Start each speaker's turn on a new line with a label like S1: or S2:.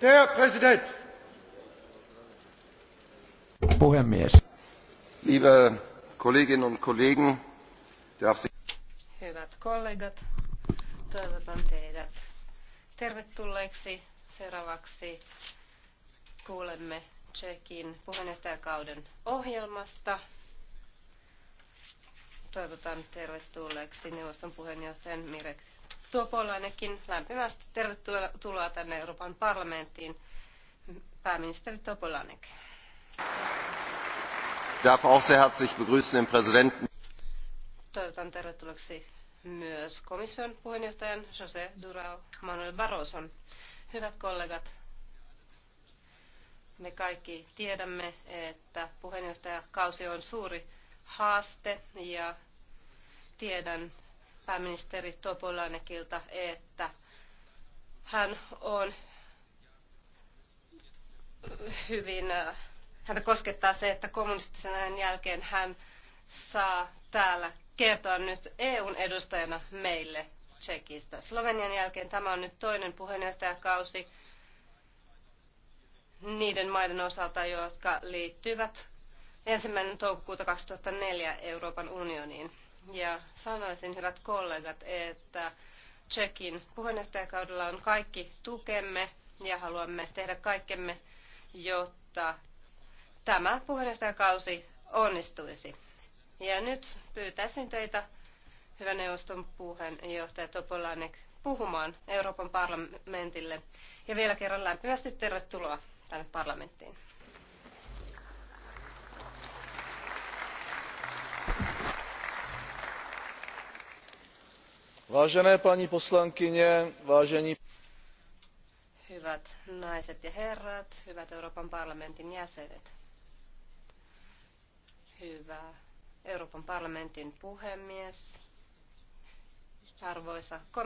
S1: Der Puhemies. Hyvät kollegat, toivotan teidät tervetulleeksi. Seuraavaksi kuulemme Tsekin puheenjohtajakauden ohjelmasta. Toivotan tervetulleeksi neuvoston puheenjohtajan Mirek Tuo Polloinenkin lämpimästi tervetuloa tänne Euroopan parlamenttiin. Pääministeri Topolanek. Darf auch sehr herzlich begrüßen den Präsidenten. Toivotan tervetulleeksi myös komission puheenjohtajan José Durao Manuel Barroson. Hyvät kollegat, me kaikki tiedämme, että puheenjohtajakausi on suuri haaste ja tiedän, pääministeri Topolainekilta, että hän on hyvin, äh, häntä koskettaa se, että kommunistisen ajan jälkeen hän saa täällä kertoa nyt EUn edustajana meille Tsekistä. Slovenian jälkeen tämä on nyt toinen puheenjohtajakausi niiden maiden osalta, jotka liittyvät ensimmäinen toukokuuta 2004 Euroopan unioniin. Ja sanoisin, hyvät kollegat, että Tsekin puheenjohtajakaudella on kaikki tukemme ja haluamme tehdä kaikkemme, jotta tämä puheenjohtajakausi onnistuisi. Ja nyt pyytäisin teitä, hyvä neuvoston puheenjohtaja Topolanek, puhumaan Euroopan parlamentille. Ja vielä kerran lämpimästi tervetuloa tänne parlamenttiin. vážené paní poslankyně vážení Hyvät naiset ja herrat, hyvät Euroopan parlamentin jäsenet, hyvä Euroopan parlamentin puhemies, arvoisa